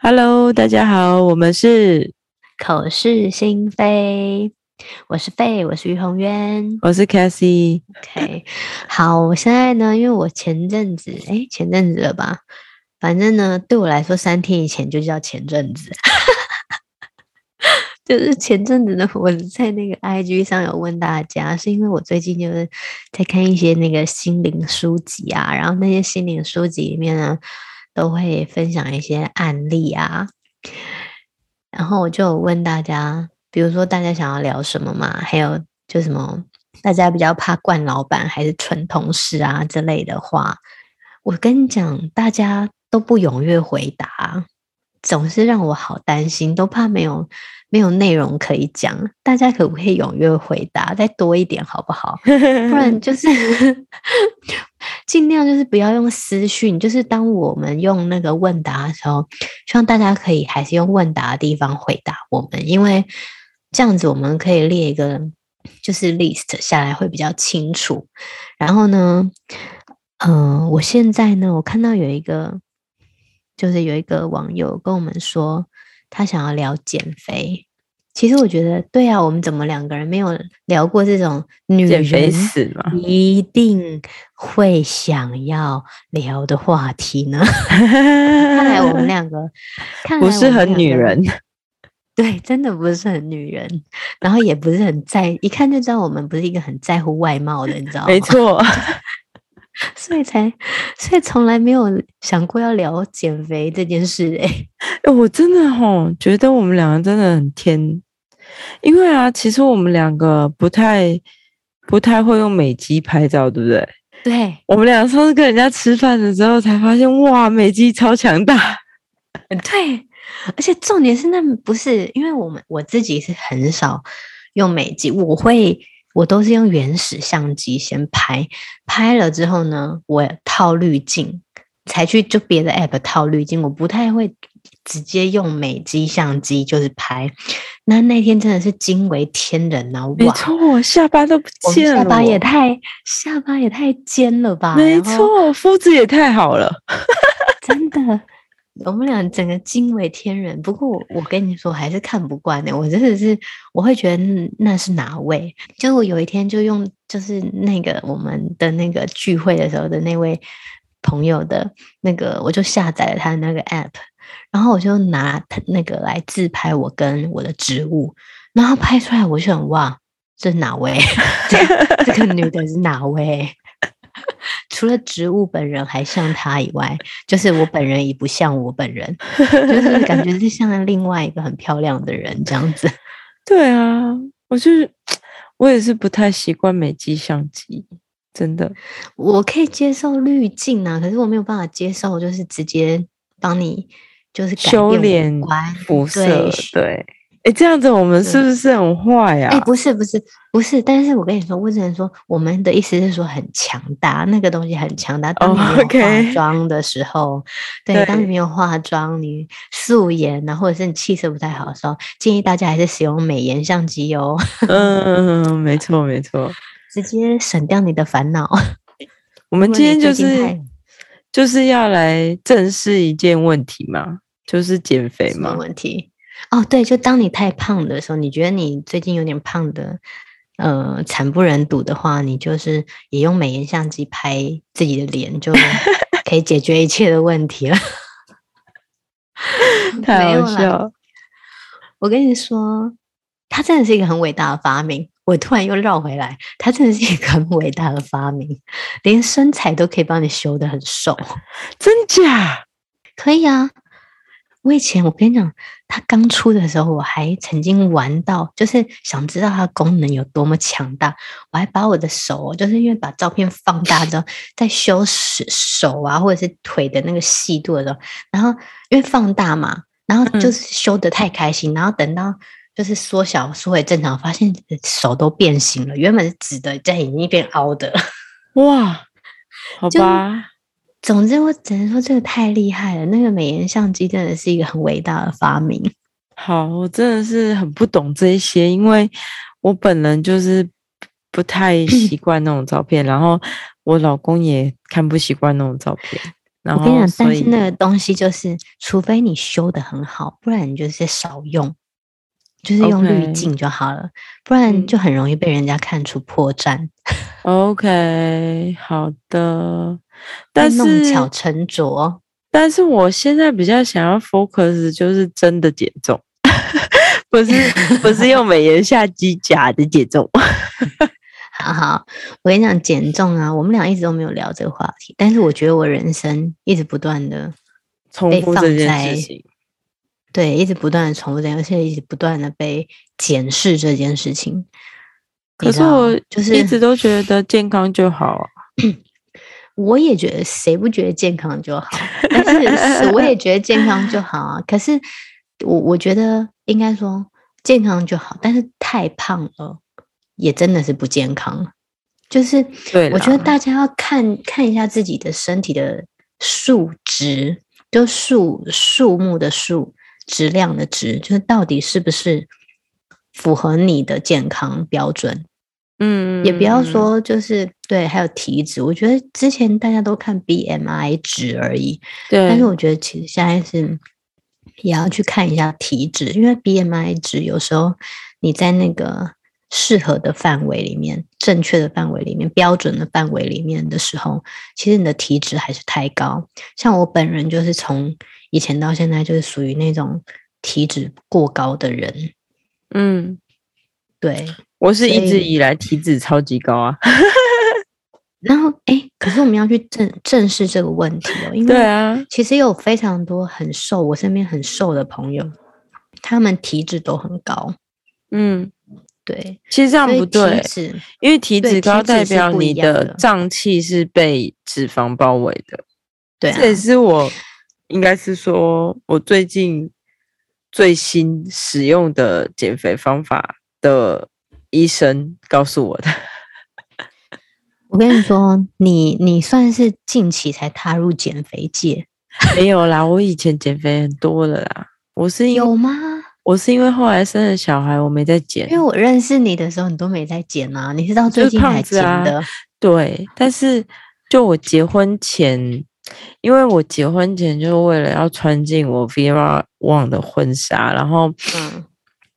Hello，大家好，我們是口是心非，我是費，我是於紅淵，我是 Cassie。OK，好，現在呢，因為我前陣子，哎、欸，前陣子了吧，反正呢，對我來說，三天以前就叫前陣子。 就是前陣子呢，我在那個 IG 上有問大家，是因為我最近就是在看一些那個心靈書籍啊，然後那些心靈書籍裡面呢，都會分享一些案例啊，然後我就問大家，比如說大家想要聊什麼嘛，還有就什麼大家比較怕慣老闆還是蠢同事啊之類的話，我跟你講，大家都不踊躍回答。總是讓我好擔心，都怕沒有沒有內容可以講。大家可不可以踴躍回答，再多一點好不好？不然就是盡 量就是不要用私訊。就是當我們用那個問答的時候，希望大家可以還是用問答的地方回答我們，因為這樣子我們可以列一個就是 list 下來會比較清楚。然後呢，嗯、呃，我現在呢，我看到有一個。就是有一個網友跟我們說，他想要聊減肥。其實我覺得，對啊，我們怎麼兩個人沒有聊過這種女人一定會想要聊的話題呢？看來我們兩個，不是很女人。對，真的不是很女人，然後也不是很在一看就知道我們不是一個很在乎外貌的人，你知道嗎？沒錯。 所以才，所以從來沒有想過要聊減肥這件事哎、欸。我真的吼、哦，覺得我們兩個真的很天。因為啊，其實我們兩個不太、不太會用美肌拍照，對不對？對。我們倆上次跟人家吃飯的時候才發現，哇，美肌超強大。對。而且重點是，那不是因為我們我自己是很少用美肌，我會。我都是用原始相機先拍，拍了之後呢，我套濾鏡才去就別的 app 套濾鏡。我不太會直接用美肌相機就是拍。那那天真的是驚為天人啊！沒錯，我下巴都不見了，下巴也太下巴也太尖了吧？沒錯，膚質也太好了， 真的。我們倆整個驚為天人，不過我跟你說，還是看不慣的、欸。我真的是，我會覺得那是哪位？結果有一天就用，就是那個我們的那個聚會的時候的那位朋友的那個，我就下載了他的那個 app，然後我就拿他那個來自拍我跟我的植物，然後拍出來我就很哇，這是哪位？ 這個女的是哪位？除了植物本人還像他以外，就是我本人也不像我本人，就是感覺是像另外一個很漂亮的人這樣子。 對啊，我就是我也是不太習慣美肌相機，真的。我可以接受濾鏡啊，可是我沒有辦法接受，就是直接幫你就是修臉、光、膚色，對，對哎，這樣子我們是不是很壞呀、啊？哎，不是不是不是，但是我跟你說，我只能說，我們的意思是說很強大，那個東西很強大。當你化妝的時候，oh, okay. 對，對當你沒有化妝，你素顏啊，或者是你氣色不太好的時候，建議大家還是使用美顏相機哦、哦嗯。嗯嗯嗯,嗯，沒錯沒錯，直接省掉你的煩惱。我們今天就是就是要來正視一件問題嘛，就是減肥嘛問題。哦，對，就當你太胖的時候，你覺得你最近有點胖的，呃，慘不忍睹的話，你就是也用美顏相機拍自己的臉，就可以解決一切的問題了。 沒有太好笑！我跟你說，它真的是一個很偉大的發明。我突然又繞回來，它真的是一個很偉大的發明，連身材都可以幫你修得很瘦， 真假？可以啊。我以前，我跟你講，它剛出的時候，我還曾經玩到，就是想知道它功能有多麼強大。我還把我的手，就是因為把照片放大之後，在修手手啊，或者是腿的那個細度的時候，然後因為放大嘛，然後就是修的太開心，嗯、然後等到就是縮小縮回正常，發現手都變形了，原本是直的在已經變凹的。哇，好吧。總之，我只能說這個太厲害了。那個美顏相機真的是一個很偉大的發明。好，我真的是很不懂這一些，因為我本人就是不太習慣那種照片， 然後我老公也看不習慣那種照片。然後，我跟你講，但是那個東西，就是除非你修得很好，不然你就是少用，就是用濾鏡就好了，Okay. 不然就很容易被人家看出破綻。 OK，好的。但是弄巧成拙。但是我現在比較想要 focus，就是真的減重， 不是不是用美顏相機假的減重。 好好，我跟你講，減重啊，我們倆一直都沒有聊這個話題。但是我覺得我人生一直不斷的重複這件事情，對，一直不斷的重複這件，而且一直不斷的被檢視這件事情。可是我就是一直都覺得健康就好啊。 我也覺得誰不覺得健康就好，但是我也覺得健康就好啊。 可是我我覺得應該說健康就好，但是太胖了也真的是不健康。就是我覺得大家要看了看一下自己的身體的數值，就數數目的數，質量的值，就是到底是不是符合你的健康標準。嗯，也不要說就是對，還有體脂。我覺得之前大家都看 BMI 值而已，對。但是我覺得其實現在是也要去看一下體脂，因為 BMI 值有時候你在那個適合的範圍裡面、正確的範圍裡面、標準的範圍裡面的時候，其實你的體脂還是太高。像我本人就是從以前到現在就是屬於那種體脂過高的人，嗯。對，我是一直以來體脂超級高啊，然後哎、欸，可是我們要去正正視這個問題哦，因為對啊，其實有非常多很瘦，我身邊很瘦的朋友，他們體脂都很高，嗯，對，其實這樣不對，因為體脂高代表你的臟器是被脂肪包圍的，對、啊，這也是我應該是說我最近最新使用的減肥方法。的醫生告訴我的。 我跟你說，你你算是近期才踏入減肥界？ 沒有啦，我以前減肥很多的啦。我是有嗎？我是因為後來生了小孩，我沒在減。因為我認識你的時候，你都沒在減啊。你是到最近才減的啊？對，但是就我結婚前，因為我結婚前就是為了要穿進我 Vera Wang 的婚紗，然後。嗯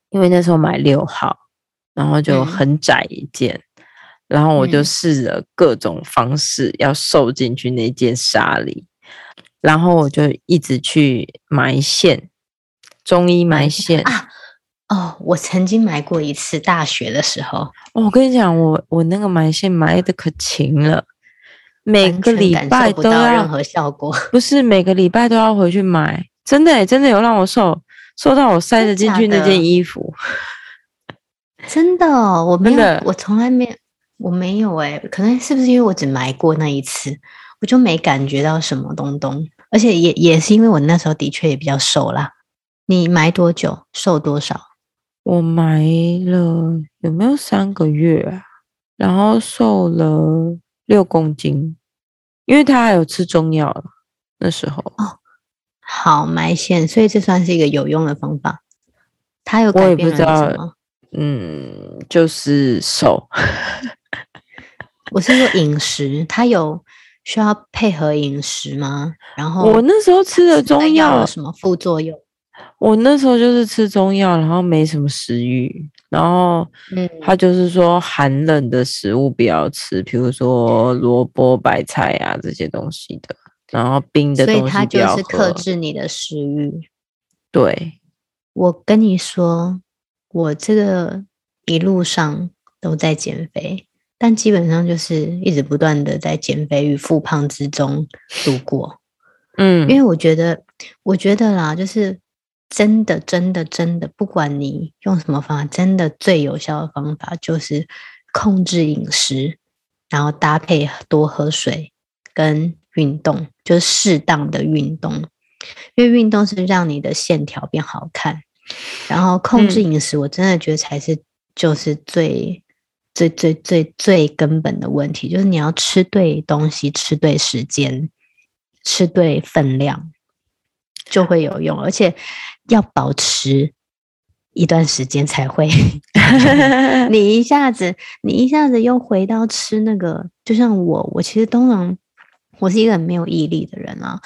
因為那時候買六號，然後就很窄一件，嗯、然後我就試着各種方式要瘦進去那件紗裡，嗯、然後我就一直去埋線，中醫埋線埋啊，哦，我曾經埋過一次大學的時候，哦、我跟你講，我我那個埋線埋的可勤了，每個禮拜都要不，不是每個禮拜都要回去埋，真的真的有讓我瘦。說到我塞得進去那件衣服真， 真的，我沒有，的我從來沒有，我沒有哎、欸，可能是不是因為我只買過那一次，我就沒感覺到什麼東東，而且也也是因為我那時候的確也比較瘦啦。你買多久，瘦多少？我買了有沒有三個月啊？然後瘦了六公斤，因為他還有吃中藥那時候。哦好埋線，所以這算是一個有用的方法。他有改變我也不知道，嗯，就是瘦。 我是說飲食，他有需要配合飲食嗎？然後我那時候吃的中藥有什麼副作用？我那時候就是吃中藥，然後沒什麼食欲。然後嗯，他就是說寒冷的食物不要吃，比如說蘿蔔、對白菜啊這些東西的。然後冰的東西，所以它就是克制你的食慾。對，我跟你說，我這個一路上都在減肥，但基本上就是一直不斷的在減肥與復胖之中度過。嗯，因為我覺得，我覺得啦，就是真的，真的，真的，不管你用什麼方法，真的最有效的方法就是控制飲食，然後搭配多喝水跟，運動就是適當的運動，因為運動是讓你的線條變好看。然後控制飲食，我真的覺得才是就是最、嗯、最最最最根本的問題，就是你要吃對東西，吃對時間，吃對分量，就會有用。而且要保持一段時間才會。 你一下子，你一下子又回到吃那個，就像我，我其實都能。我是一個很沒有毅力的人啊，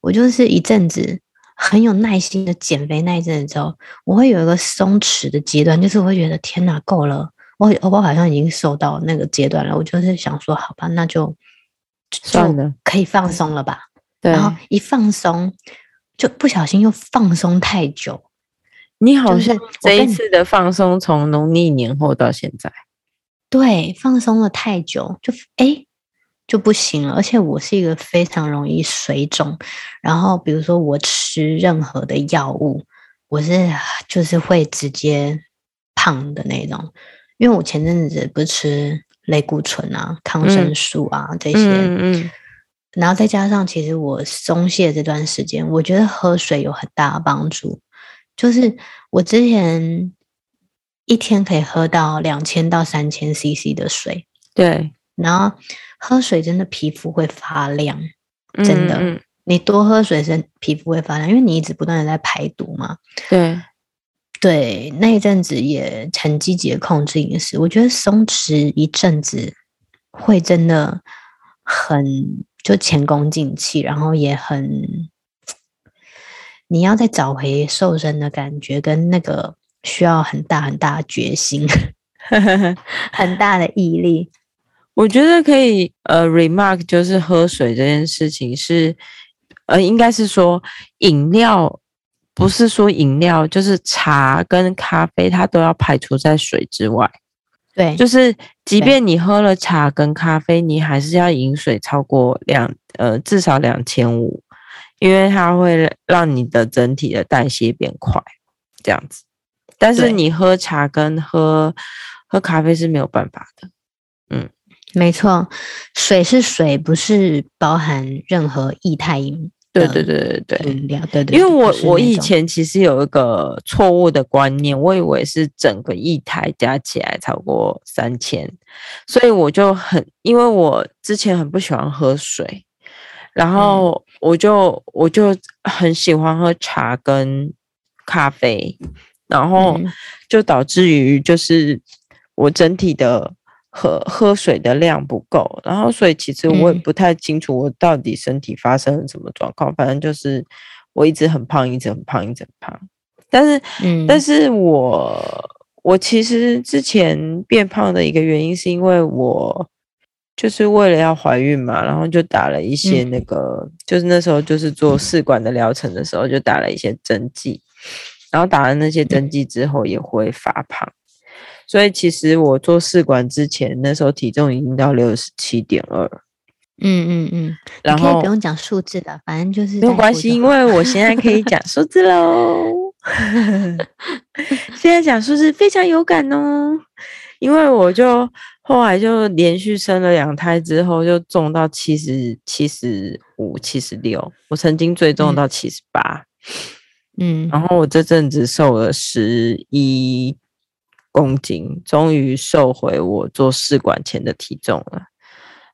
我就是一陣子很有耐心的減肥，那一陣子之後，我會有一個鬆弛的階段，就是我會覺得天哪、啊，夠了，我我好像已經瘦到那個階段了，我就是想說，好吧，那就，就算了，可以放鬆了吧。然後一放鬆，就不小心又放鬆太久。對就是、你好像這一次的放鬆從農曆年後到現在，對，放鬆了太久，就哎。欸就不行了，而且我是一個非常容易水腫。然後，比如說我吃任何的藥物，我是就是會直接胖的那種。因為我前陣子不是吃類固醇啊、抗生素啊、嗯、這些，嗯嗯，然後再加上其實我鬆懈這段時間，我覺得喝水有很大的幫助。就是我之前一天可以喝到兩千到三千 CC 的水，對。然後喝水真的皮膚會發亮，真的，嗯嗯，你多喝水身皮膚會發亮，因為你一直不斷的在排毒嘛。對，對，那一陣子也很積極的控制飲食，我覺得鬆弛一陣子會真的很就前功盡棄，然後也很，你要再找回瘦身的感覺跟那個需要很大很大的決心， 很大的毅力。我覺得可以，呃，remark 就是喝水這件事情是，呃，應該是說飲料不是說飲料，就是茶跟咖啡，它都要排除在水之外。對，就是即便你喝了茶跟咖啡，對你還是要飲水超過兩，呃，至少兩千五，因為它會讓你的整體的代謝變快，這樣子。但是你喝茶跟喝對喝咖啡是沒有辦法的。沒錯，水是水，不是包含任何液態飲。對對對對對，對，對對。因為我我以前其實有一個錯誤的觀念，我以為是整個液態加起來超過三千，所以我就很，因為我之前很不喜歡喝水，然後我就、嗯、我就很喜歡喝茶跟咖啡，然後就導致於就是我整體的。喝喝水的量不夠，然後所以其實我也不太清楚我到底身體發生了什麼狀況。嗯、反正就是我一直很胖，一直很胖，一直很胖。但是，嗯、但是我我其實之前變胖的一個原因是因為我就是為了要懷孕嘛，然後就打了一些那個，嗯、就是那時候就是做試管的療程的時候就打了一些針劑，然後打完那些針劑之後也會發胖。嗯所以其實我做試管之前，那時候體重已經到六十七點二。嗯嗯嗯，然後不用講數字的，反正就是沒有關係，因為我現在可以講數字嘍。 現在講數字非常有感哦，因為我就後來就連續生了兩胎之後，就重到七十、七十五、七十六，我曾經最重到七十八。嗯，然後我這陣子瘦了十一。公斤終於瘦回我做試管前的體重了，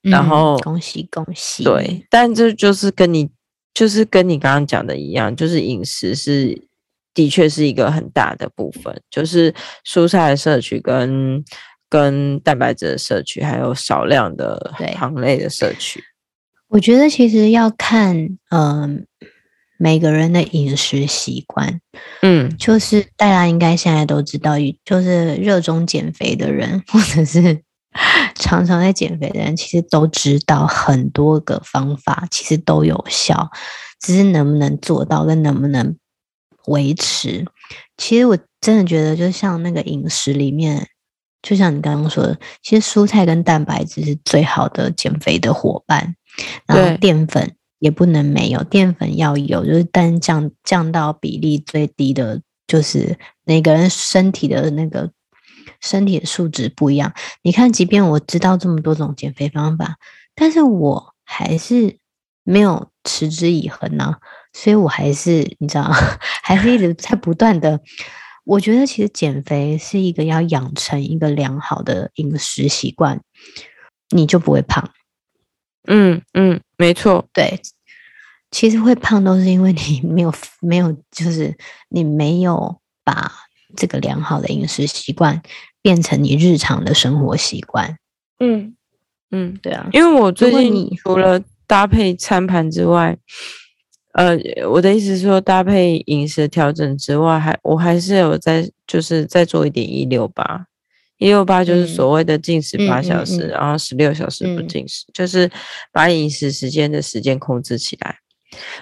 嗯、然後恭喜恭喜！對，但這就是跟你就是跟你剛剛講的一樣，就是飲食是的確是一個很大的部分，就是蔬菜的攝取跟跟蛋白質的攝取，還有少量的糖類的攝取。我覺得其實要看嗯。呃每個人的飲食習慣，嗯，就是大家應該現在都知道，就是熱衷減肥的人，或者是常常在減肥的人，其實都知道很多個方法，其實都有效，只是能不能做到，跟能不能維持，其實我真的覺得，就像那個飲食裡面，就像你剛剛說的，其實蔬菜跟蛋白質是最好的減肥的夥伴，然後澱粉。也不能沒有澱粉，要有，就是單降，降到比例最低的。就是每個人身體的那個身體的素質不一樣。你看，即便我知道這麼多種減肥方法，但是我還是沒有持之以恆呢、啊，所以我還是你知道，還是一直在不斷的。我覺得其實減肥是一個要養成一個良好的飲食習慣，你就不會胖。嗯嗯。沒錯，對，其實會胖都是因為你沒有沒有，就是你沒有把這個良好的飲食習慣變成你日常的生活習慣、嗯。嗯嗯，對啊，因為我最近除了搭配餐盤之外，呃，我的意思是說搭配飲食調整之外，還我還是有在就是在做一點一六八。一六八就是所謂的進食八小時，嗯嗯嗯嗯、然後十六小時不進食，嗯、就是把飲食時間的時間控制起來，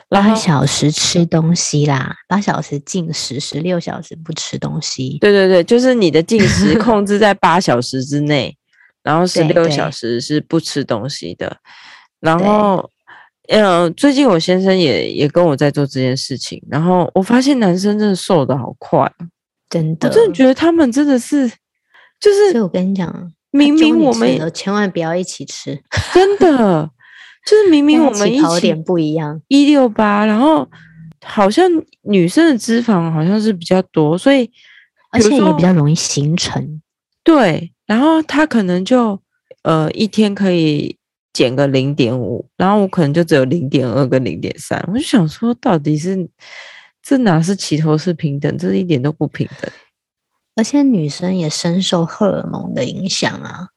八小時吃東西啦，八小時進食，十六小時不吃東西。對對對，就是你的進食控制在八小時之內， 然後十六小時是不吃東西的。然後，嗯對，最近我先生也也跟我在做這件事情，然後我發現男生真的瘦的好快，真的，我真的覺得他們真的是。就是，所以我跟你講，明明我們千萬不要一起吃，真的，就是明明我們，明明我們一起點不一樣，一六八，然後好像女生的脂肪好像是比較多，所以而且也比較容易形成。對，然後他可能就呃一天可以減個零點五，然後我可能就只有零點二跟零點三，我就想說，到底是這哪是齊頭式平等，這是一點都不平等。而且女生也深受荷爾蒙的影響啊，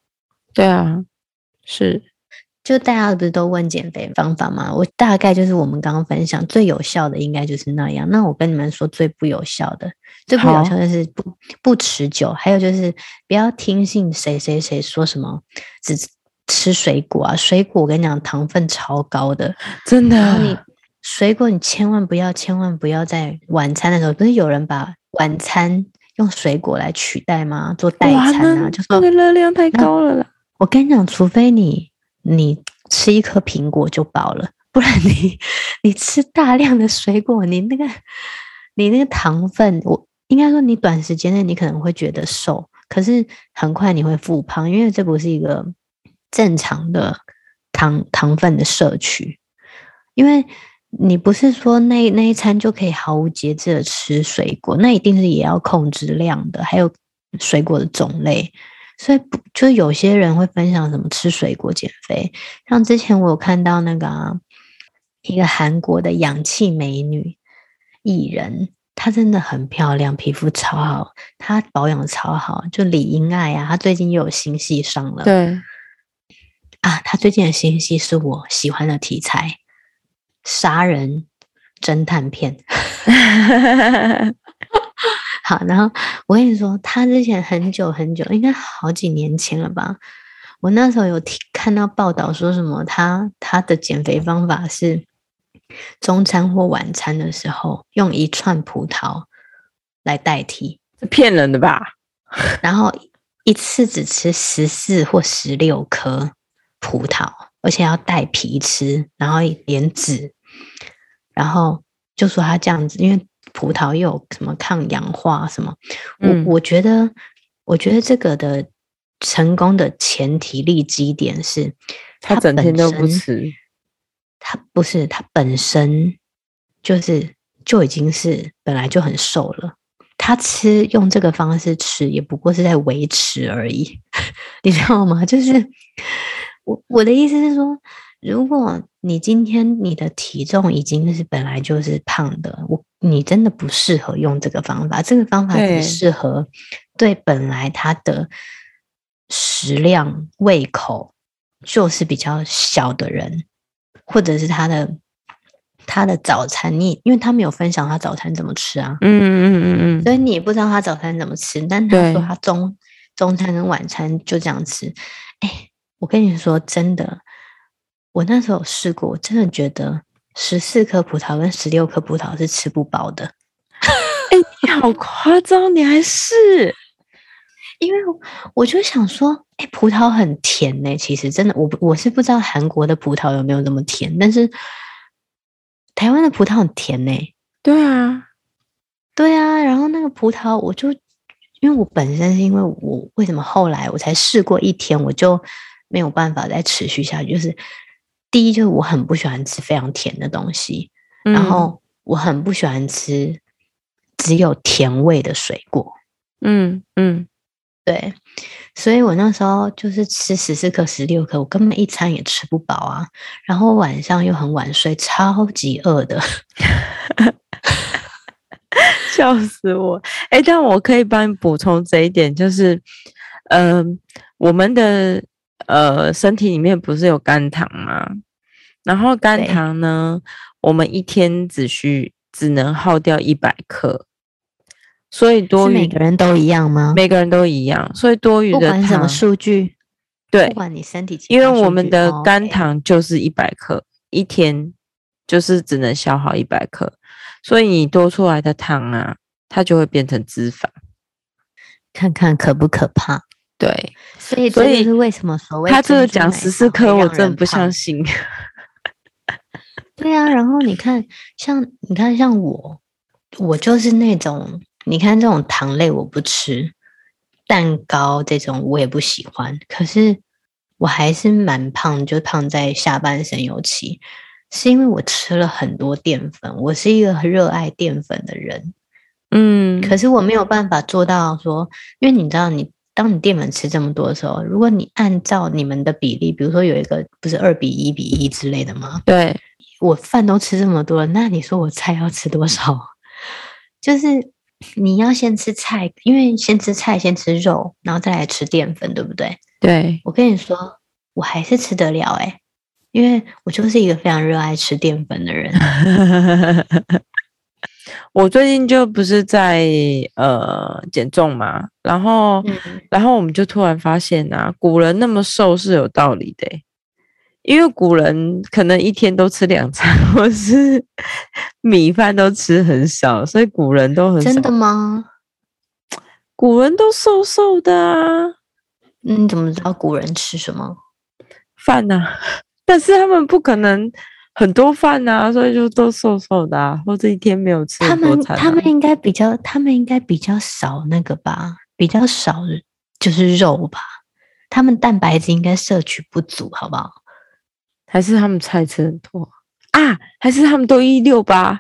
對啊，是，就大家不是都問減肥方法嗎？我大概就是我們剛剛分享最有效的，應該就是那樣。那我跟你們說最不有效的，最不有效的是不好不持久，還有就是不要聽信誰誰誰說什麼只吃水果啊，水果我跟你講糖分超高的，真的，你水果你千萬不要千萬不要在晚餐的時候，不是有人把晚餐。用水果來取代嗎？做代餐啊。就是說那個熱量太高了啦！我跟你講，除非你你吃一顆蘋果就飽了，不然你你吃大量的水果，你那個你那個糖分，我應該說你短時間內你可能會覺得瘦，可是很快你會復胖，因為這不是一個正常的糖糖分的攝取，因為。你不是說那那一餐就可以毫無節制的吃水果，那一定是也要控制量的，還有水果的種類。所以，就有些人會分享什麼吃水果減肥。像之前我有看到那個、啊、一個韓國的氧氣美女藝人，她真的很漂亮，皮膚超好，她保養超好。就李英愛啊，她最近又有新戲上了。對啊，她最近的新戲是我喜歡的題材。殺人偵探片， 好，然後我跟你說，他之前很久很久，應該好幾年前了吧？我那時候有聽看到報道說什麼，他他的減肥方法是中餐或晚餐的時候用一串葡萄來代替，是騙人的吧？然後一次只吃十四或十六顆葡萄。而且要帶皮吃，然後連籽，然後就說他這樣子，因為葡萄又有什麼抗氧化什麼？嗯、我我覺得，我覺得這個的成功的前提、立基點是，他整天都不吃他，他不是，他本身就是就已經是本來就很瘦了，他吃用這個方式吃，也不過是在維持而已， 你知道嗎？就是。 我我的意思是說，如果你今天你的體重已經是本來就是胖的，我你真的不適合用這個方法。這個方法只適合對本來他的食量、胃口就是比較小的人，或者是他的他的早餐。你因為他沒有分享他早餐怎麼吃啊？嗯嗯嗯嗯嗯。嗯嗯嗯，所以你也不知道他早餐怎麼吃，但他說他中對中餐跟晚餐就這樣吃。哎。我跟你說，真的，我那時候試過，我真的覺得十四顆葡萄跟十六顆葡萄是吃不飽的。哎、 欸，你好誇張，你還試？因為我就想說，哎、欸，葡萄很甜呢、欸。其實真的，我我是不知道韓國的葡萄有沒有那麼甜，但是台灣的葡萄很甜呢、欸。對啊，對啊。然後那個葡萄，我就因為我本身是因為我為什麼後來我才試過一天，我就。沒有辦法再持續下去，就是第一，就是我很不喜歡吃非常甜的東西，嗯、然後我很不喜歡吃只有甜味的水果，嗯嗯，對，所以我那時候就是吃十四顆、十六顆，我根本一餐也吃不飽啊，然後晚上又很晚睡，超級餓的，， 笑死我、欸！但我可以幫你補充這一點，就是，嗯、呃，我們的。呃，身體裡面不是有肝糖嗎？然後肝糖呢，對我們一天只需只能耗掉一百克，所以多餘的每個人都一樣嗎？每個人都一樣，所以多餘的糖不管什麼數據，對，不管你身體，因為我們的肝糖就是一百克、哦 okay、一天，就是只能消耗一百克，所以你多出來的糖啊，它就會變成脂肪，看看可不可怕。對，所以這也是為什麼，所謂他這個講十四顆，我真的不相信。對啊，然後你看，像你看，像我，我就是那種你看這種糖類我不吃，蛋糕這種我也不喜歡，可是我還是蠻胖，就胖在下半身，尤其是因為我吃了很多澱粉，我是一個很熱愛澱粉的人，嗯，可是我沒有辦法做到說，因為你知道你。當你澱粉吃這麼多的時候，如果你按照你們的比例，比如說有一個不是二比一比一之類的嗎？對，我飯都吃這麼多了，那你說我菜要吃多少？就是你要先吃菜，因為先吃菜，先吃肉，然後再來吃澱粉，對不對？對，我跟你說，我還是吃得了欸，因為我就是一個非常熱愛吃澱粉的人。 我最近就不是在呃減重嘛，然後，嗯，然後我們就突然發現啊，古人那麼瘦是有道理的，因為古人可能一天都吃兩餐，或是米飯都吃很少，所以古人都很瘦。真的嗎？古人都瘦瘦的啊，你怎麼知道古人吃什麼飯呢？但是他們不可能。很多飯吶、啊，所以就都瘦瘦的、啊，或者一天沒有吃，他們、啊、他們應該比較，他們應該比較少那個吧，比較少就是肉吧。他們蛋白質應該攝取不足，好不好？還是他們菜吃很多啊？還是他們都一六八？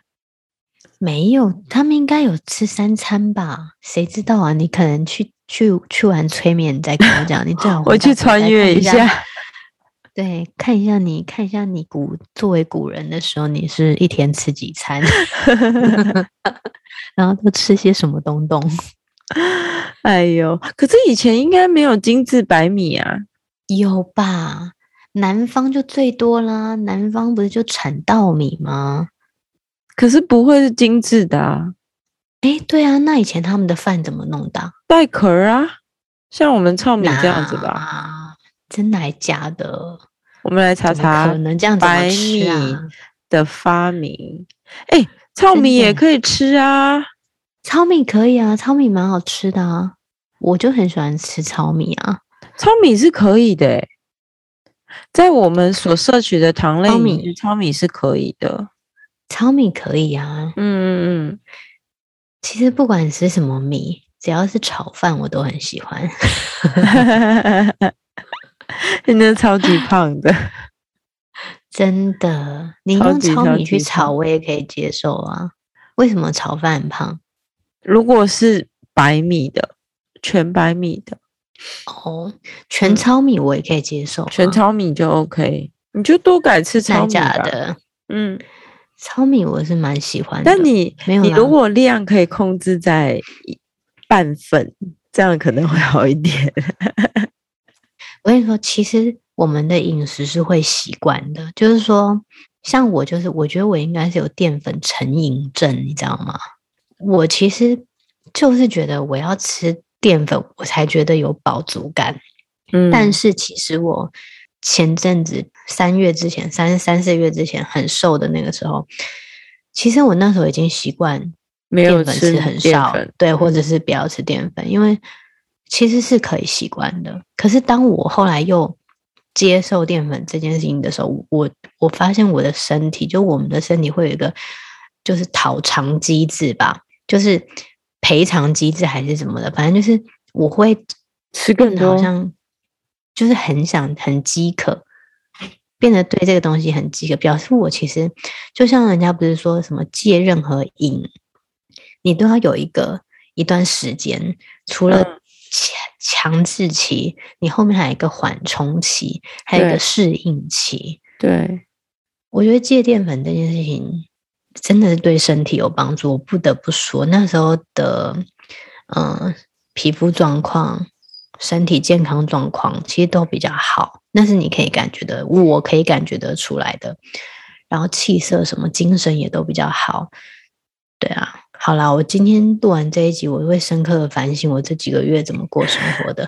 沒有，他們應該有吃三餐吧？誰知道啊？你可能去去去玩催眠，再跟我講。 你最好回我去穿越一下。對，看一下你，看一下你古作為古人的時候，你是一天吃幾餐？ 然後都吃些什麼東東？哎呦，可是以前應該沒有精緻白米啊。有吧？南方就最多啦，南方不是就產稻米嗎？可是不會是精緻的啊。哎，對啊，那以前他們的飯怎麼弄的？帶殼兒啊，像我們糙米這樣子吧。真的還是假的？我們來查查。可能這樣子吃啊。白米的發明，哎、欸，糙米也可以吃啊。的糙米可以啊，糙米蠻好吃的啊。我就很喜歡吃糙米啊。糙米是可以的，在我們所攝取的糖類，糙米是可以的。糙米可以啊。嗯嗯嗯。其實不管是什麼米，只要是炒飯，我都很喜歡。 你真的超級胖的， 真的。你用糙米去炒，我也可以接受啊。為什麼炒飯很胖？如果是白米的，全白米的，哦，全糙米我也可以接受，全糙米就 OK，你就多改吃糙米、啊、假的。嗯，糙米我是蠻喜歡的，但你沒有，你如果量可以控制在半份，這樣可能會好一點。 我跟你說，其實我們的飲食是會習慣的，就是說，像我，就是我覺得我應該是有澱粉成癮症，你知道嗎？我其實就是覺得我要吃澱粉，我才覺得有飽足感。嗯，但是其實我前陣子三月之前，三三四月之前很瘦的那個時候，其實我那時候已經習慣沒有吃很少，對，或者是不要吃澱粉，嗯、因為。其實是可以習慣的，可是當我後來又接受澱粉這件事情的時候，我我發現我的身體，就我們的身體會有一個就是討償機制吧，就是賠償機制還是什麼的，反正就是我會吃個人好像就是很想很飢渴，變得對這個東西很飢渴，表示我其實就像人家不是說什麼戒任何癮，你都要有一個一段時間，除了。嗯強強制期，你後面還有一個緩衝期，對還有一個適應期。對，我覺得戒澱粉這件事情真的是對身體有幫助。我不得不說，那時候的嗯、呃，皮膚狀況、身體健康狀況其實都比較好，那是你可以感覺的，我可以感覺得出來的。然後氣色、什麼精神也都比較好，對啊。好啦，我今天錄完這一集，我會深刻的反省我這幾個月怎麼過生活的。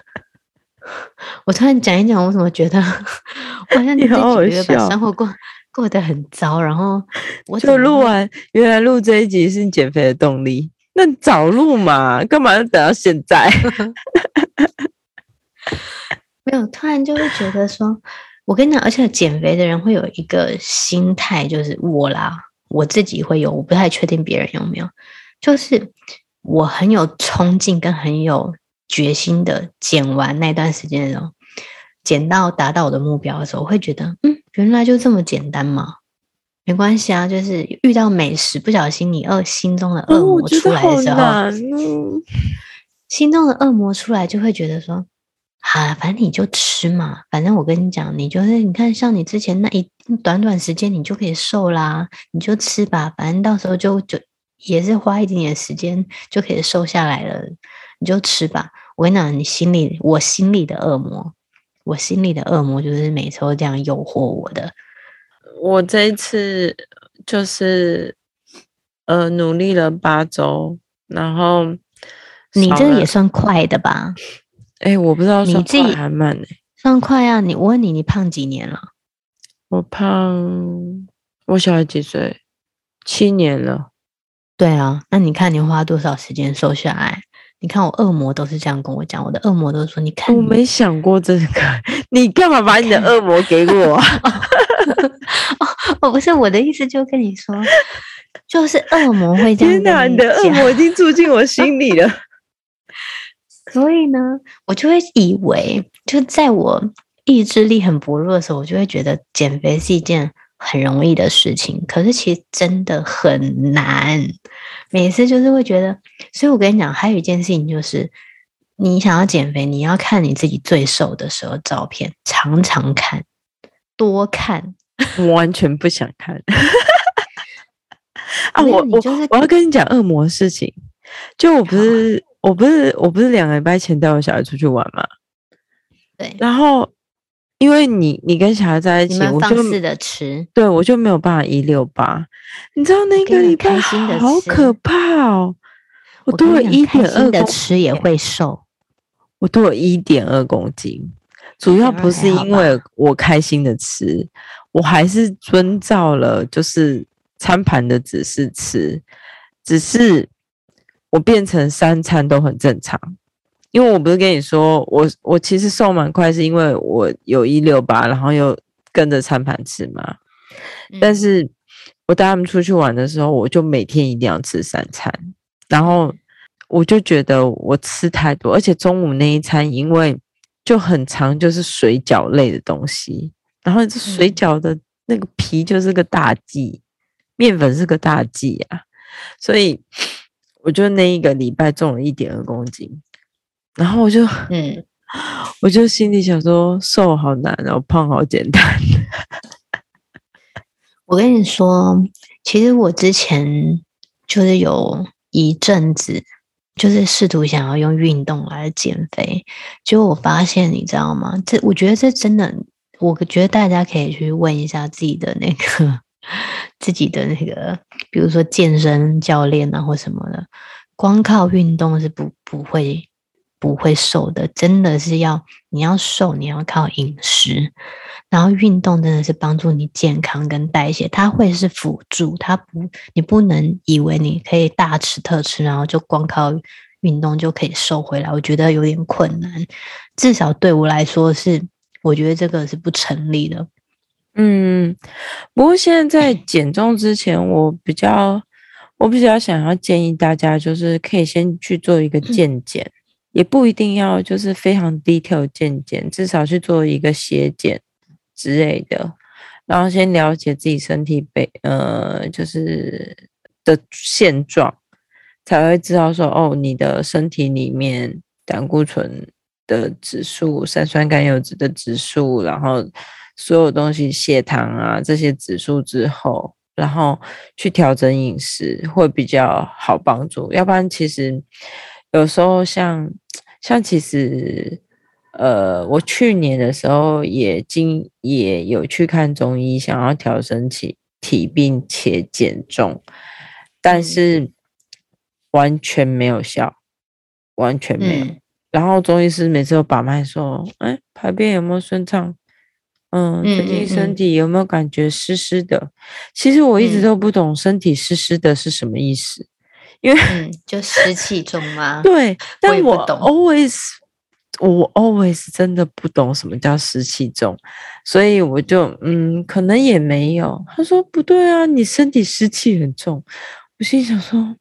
我突然講一講，我怎麼覺得我好像這幾個月把生活過過得很糟，然後我就錄完，原來錄這一集是你減肥的動力，那你早錄嘛，幹嘛要等到現在？ 沒有，突然就會覺得說，我跟你講，而且減肥的人會有一個心態，就是我啦，我自己會有，我不太確定別人有沒有。就是我很有衝勁跟很有決心的減完那段時間的時候，減到達到我的目標的時候，我會覺得，嗯，原來就這麼簡單嘛，沒關係啊。就是遇到美食，不小心你惡心中的惡魔出來的時候，嗯、心中的惡魔出來就會覺得說，啊，反正你就吃嘛，反正我跟你講，你就是你看，像你之前那一短短時間，你就可以瘦啦，你就吃吧，反正到時候就就。也是花一點點時間就可以瘦下來了，你就吃吧，為難你，你心裡我心裡的惡魔。我心裡的惡魔就是每次都這樣誘惑我的。我這一次就是呃努力了八週，然後你這個也算快的吧？哎、欸，我不知道算快還慢呢、欸。算快啊！你，我問你，你胖幾年了？我胖，我小孩幾歲？七年了。對啊，那你看你花多少時間瘦下來？你看我惡魔都是這樣跟我講，我的惡魔都是說你看我，我沒想過這個，你幹嘛把你的惡魔給我？ 哦，哦，不是，我的意思就跟你說，就是惡魔會這樣。真的，你的惡魔已經住進我心裡了， 所以呢，我就會以為，就在我意志力很薄弱的時候，我就會覺得減肥是一件。很容易的事情，可是其實真的很難。每次就是會覺得，所以我跟你講，還有一件事情就是，你想要減肥，你要看你自己最瘦的時候的照片，常常看，多看。我完全不想看。 啊，我我我要跟你講惡魔事情，就我不是、啊、我不是我不是兩個禮拜前帶我小孩出去玩嘛？對，然後。因為你你跟小孩在一起，我就放肆的吃，我對我就沒有辦法一六八。你知道那個你看好可怕哦！我，我多了一點二的吃也會瘦。我多了一點二公斤。主要不是因為我開心的吃，我還是遵照了就是餐盤的指示吃，只是我變成三餐都很正常。因為我不是跟你說，我我其實瘦蠻快，是因為我有一六八，然後又跟着餐盤吃嘛。嗯、但是，我帶他們出去玩的時候，我就每天一定要吃三餐，然後我就覺得我吃太多，而且中午那一餐，因為就很常，就是水餃類的東西，然後這水餃的那個皮就是個大忌，嗯、麵粉是個大忌啊，所以我就那一個禮拜重了一點二公斤。然後我就嗯，我就心裡想說，瘦好難，然後胖好簡單。 我跟你說，其實我之前就是有一陣子，就是試圖想要用運動來減肥，結果我發現，你知道嗎？這我覺得這真的，我覺得大家可以去問一下自己的那個自己的那個，比如說健身教練啊，或什麼的，光靠運動是不不會。不會瘦的，真的是要你要瘦，你要靠飲食，然後運動真的是幫助你健康跟代謝，它會是輔助，它不，你不能以為你可以大吃特吃，然後就光靠運動就可以瘦回來，我覺得有點困難，至少對我來說是，我覺得這個是不成立的。嗯，不過現在在減重之前，我比較我比較想要建議大家，就是可以先去做一個健檢。也不一定要就是非常低調健減，至少去做一個血檢之類的，然後先了解自己身體被呃就是的現狀，才會知道說哦，你的身體裡面膽固醇的指數、三酸甘油脂的指數，然後所有東西、血糖啊這些指數之後，然後去調整飲食會比較好幫助，要不然其實。有時候像像其實，呃，我去年的時候也經也有去看中醫，想要調身體、體並且減重，但是完全沒有效，完全沒有。嗯、然後中醫師每次都把脈說：“嗯、哎，排便有沒有順暢？嗯，最近身體有沒有感覺濕濕的？”嗯嗯嗯，其實我一直都不懂身體濕濕的是什麼意思。因為、嗯、就濕氣重嘛。 對，但我，我，懂我 always 我 always 真的不懂什麼叫濕氣重，所以我就嗯，可能也沒有。他說不對啊，你身體濕氣很重。我心想說，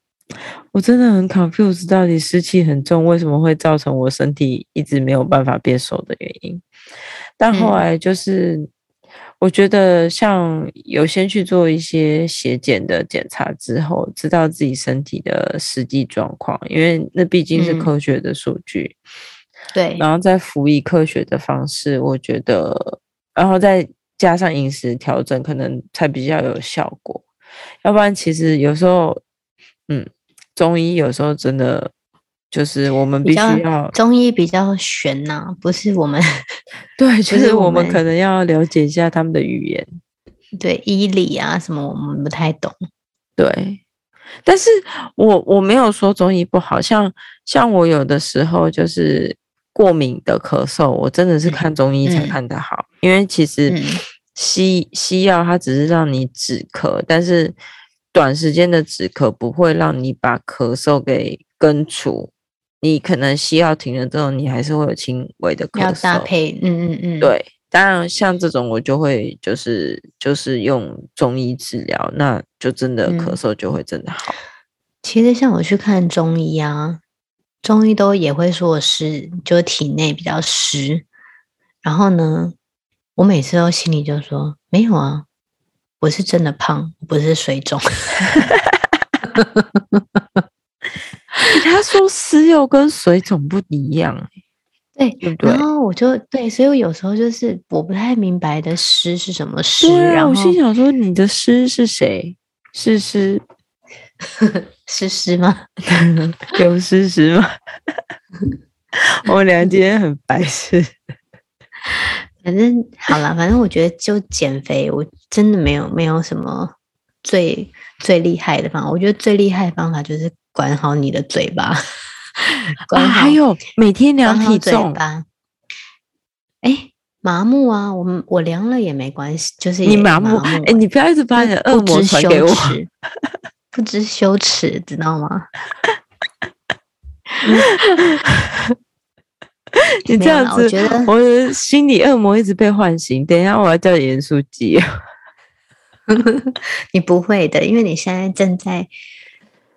我真的很 confused，到底濕氣很重，為什麼會造成我身體一直沒有辦法變瘦的原因？但後來就是。嗯我覺得像有先去做一些血檢的檢查之後，知道自己身體的實際狀況，因為那畢竟是科學的數據。嗯，對，然後再輔以科學的方式，我覺得，然後再加上飲食調整，可能才比較有效果。要不然，其實有時候，嗯，中醫有時候真的。就是我們必須要中醫比，比較玄吶、啊，不是我們 對，就是，是我，們我們可能要了解一下他們的語言，對，醫理啊什麼我們不太懂。對，但是我我沒有說中醫不好，像像我有的時候就是過敏的咳嗽，我真的是看中醫才看得好，嗯嗯、因為其實西西藥它只是讓你止咳，但是短時間的止咳不會讓你把咳嗽給根除。你可能西藥停了之後，你還是會有輕微的咳嗽。要搭配，嗯嗯嗯。嗯對，當然像這種我就會就是就是用中醫治療，那就真的咳嗽就會真的好。嗯、其實像我去看中醫啊，中醫都也會說我是就體內比較濕，然後呢，我每次都心裡就說沒有啊，我是真的胖，不是水腫。 他說：“濕又跟水腫不一樣，對對對？”對然後我就對，所以我有時候就是我不太明白的濕是什麼濕。對然後我心想說：“你的濕是誰？是濕，濕？是 濕，濕嗎？有濕濕嗎？” 我們倆今天很白痴。 反正好了，反正我覺得就減肥，我真的沒有沒有什麼最最厲害的方法。我覺得最厲害的方法就是。管好你的嘴巴，管好、啊、還有每天量體重。哎、欸，麻木啊！我我量了也沒關係，就是麻、啊、你麻木。哎、欸，你不要一直把你的惡魔傳給我不羞，不知羞恥，知道嗎？ 嗯、你這樣子，我的心理惡魔一直被喚醒。等一下，我要叫你嚴肅機。 你不會的，因為你現在正在。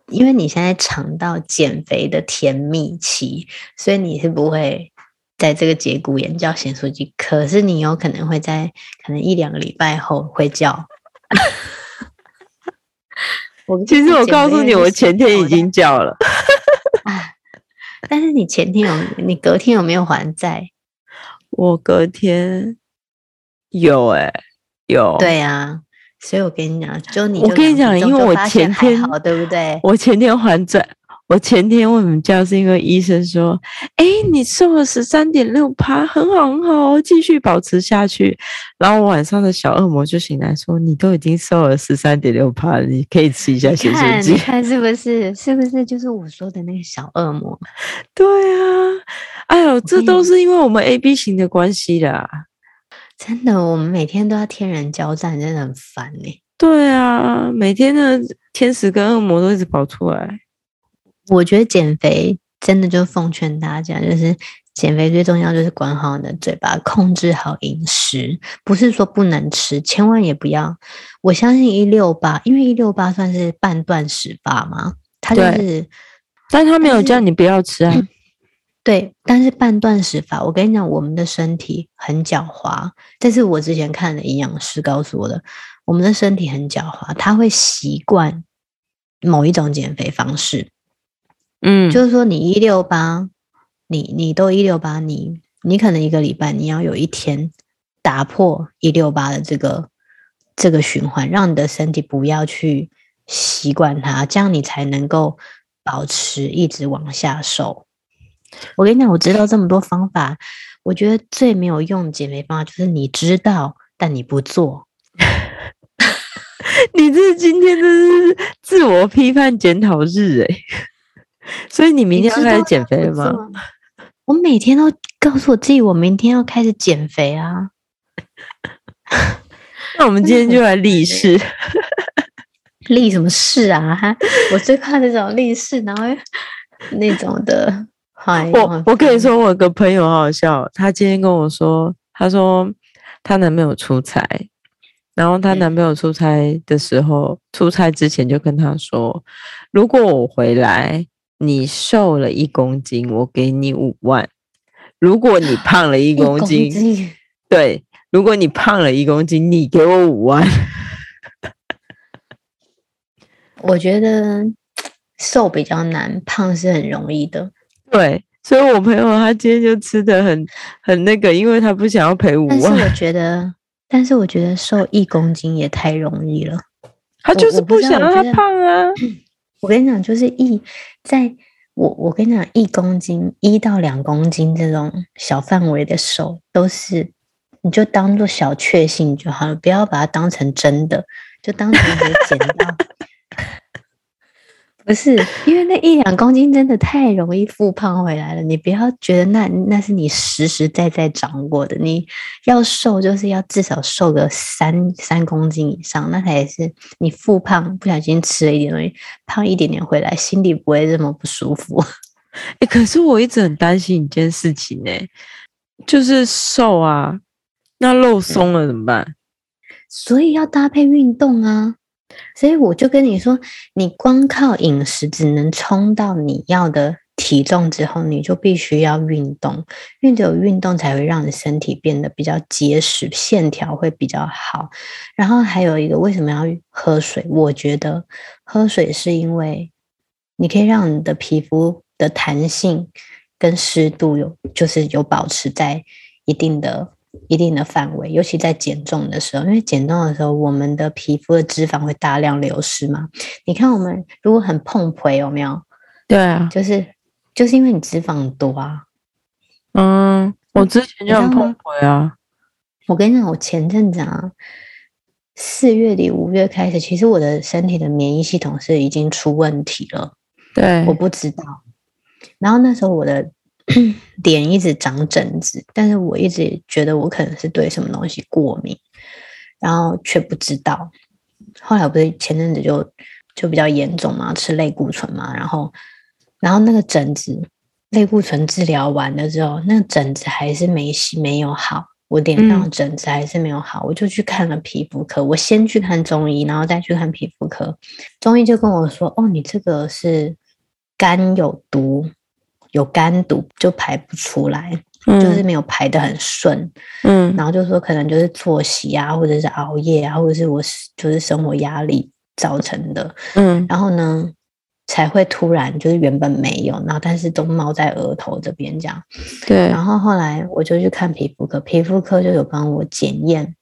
因為你現在嘗到減肥的甜蜜期，所以你是不會在這個節骨眼叫鹹酥雞，可是你有可能會在可能一兩個禮拜後會叫。我 其實我告訴你，我前天已經叫了。 但是你前天有，你隔天有沒有還債？我隔天有哎、欸，有。對呀、啊。所以我跟你講，就你就就，我跟你講，因為我前天，對不對？我前天反轉，我前天為什麼這樣，是因為醫生說，哎，你瘦了十三點六趴，很好，很好哦，繼續保持下去。然後我晚上的小惡魔就醒來說，你都已經瘦了十三點六趴，你可以吃一下鹹酥雞看，看是不是，是不是就是我說的那個小惡魔？對啊，哎呦，這都是因為我們 A B 型的關係啦。真的，我們每天都要天人交戰，真的很煩你、欸、對啊，每天的天使跟惡魔都一直跑出來。我覺得減肥真的就奉勸大家，就是減肥最重要就是管好你的嘴巴，控制好飲食，不是說不能吃，千萬也不要。我相信一六八，因為一六八算是半斷食吧嘛，他就是，但他沒有叫你是不要吃啊。對，但是半斷食法，我跟你講，我們的身體很狡猾。這是我之前看的營養師告訴我的，我們的身體很狡猾，它會習慣某一種減肥方式。嗯，就是說你一六八，你，你都一六八，你你可能一個禮拜你要有一天打破一六八的這個這個循環，讓你的身體不要去習慣它，這樣你才能夠保持一直往下瘦。我跟你講，我知道這麼多方法，我覺得最沒有用的減肥方法就是你知道，但你不做。 你這是今天這是自我批判檢討日哎、欸，所以你明天要開始減肥了嗎,嗎？我每天都告訴我自己，我明天要開始減肥啊。 那我們今天就來立誓， 立什麼誓啊？我最怕那種立誓，然後那種的。我我跟你說，我有個朋友好好笑。她今天跟我說，她說她男朋友出差，然後她男朋友出差的時候，嗯、出差之前就跟她說，如果我回來你瘦了一公斤，我給你五萬；如果你胖了一公斤，對，如果你胖了一公斤，你給我五萬。 我覺得瘦比較難，胖是很容易的。對，所以我朋友他今天就吃的很很那個，因為他不想要賠五萬。但是我覺得，但是我覺得瘦一公斤也太容易了，他就是不想讓他胖啊。我，我，我，我跟你講，就是一，在我我跟你講，一公斤一到兩公斤這種小範圍的瘦，都是你就當做小確幸就好了，不要把它當成真的，就當成你撿到不是因為那一兩公斤真的太容易復胖回來了，你不要覺得那那是你實實在在掌握的，你要瘦就是要至少瘦個三三公斤以上，那才是你復胖不小心吃了一點東西胖一點點回來，心裡不會這麼不舒服。哎、欸，可是我一直很擔心一件事情呢、欸，就是瘦啊，那肉鬆了怎麼辦、嗯？所以要搭配運動啊。所以我就跟你說，你光靠飲食只能衝到你要的體重之後，你就必須要運動，因為只有運動才會讓你身體變得比較結實，線條會比較好。然後還有一個為什麼要喝水？我覺得喝水是因為你可以讓你的皮膚的彈性跟濕度有，就是有保持在一定的，一定的範圍，尤其在減重的時候，因為減重的時候，我們的皮膚的脂肪會大量流失嘛。你看，我們如果很碰皮，有沒有？對啊，嗯，就是就是因為你脂肪多啊。嗯，我之前就很碰皮啊我。我跟你講，我前陣子啊，四月底五月開始，其實我的身體的免疫系統是已經出問題了。對，我不知道。然後那時候我的。臉 一直長疹子，但是我一直覺得我可能是對什麼東西過敏，然後卻不知道。後來我不是前陣子就就比較嚴重嘛，吃類固醇嘛，然後然後那個疹子，類固醇治療完了之後，那個疹子還是沒沒沒有好，我臉上的疹子還是沒有好，嗯，我就去看了皮膚科，我先去看中醫，然後再去看皮膚科，中醫就跟我說：“哦，你這個是肝有毒。”有肝毒，就排不出來，嗯，就是沒有排得很順，嗯，然後就說可能就是作息啊，或者是熬夜啊，或者是我就是生活壓力造成的，嗯，然後呢才會突然就是原本沒有，然後但是都冒在額頭這邊這樣，對，然後後來我就去看皮膚科，皮膚科就有幫我檢驗，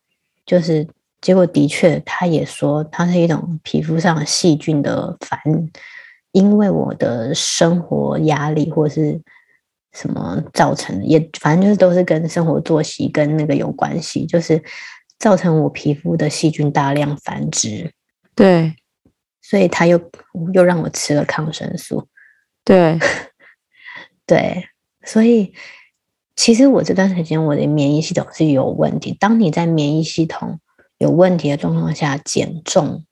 就是結果的確，他也說它是一種皮膚上細菌的反應。因為我的生活壓力或者是什麼造成，也反正就是都是跟生活作息跟那個有關係，就是造成我皮膚的細菌大量繁殖。對，所以他又又讓我吃了抗生素。對， 對，所以其實我這段時間我的免疫系統是有問題。當你在免疫系統有問題的狀況下減重。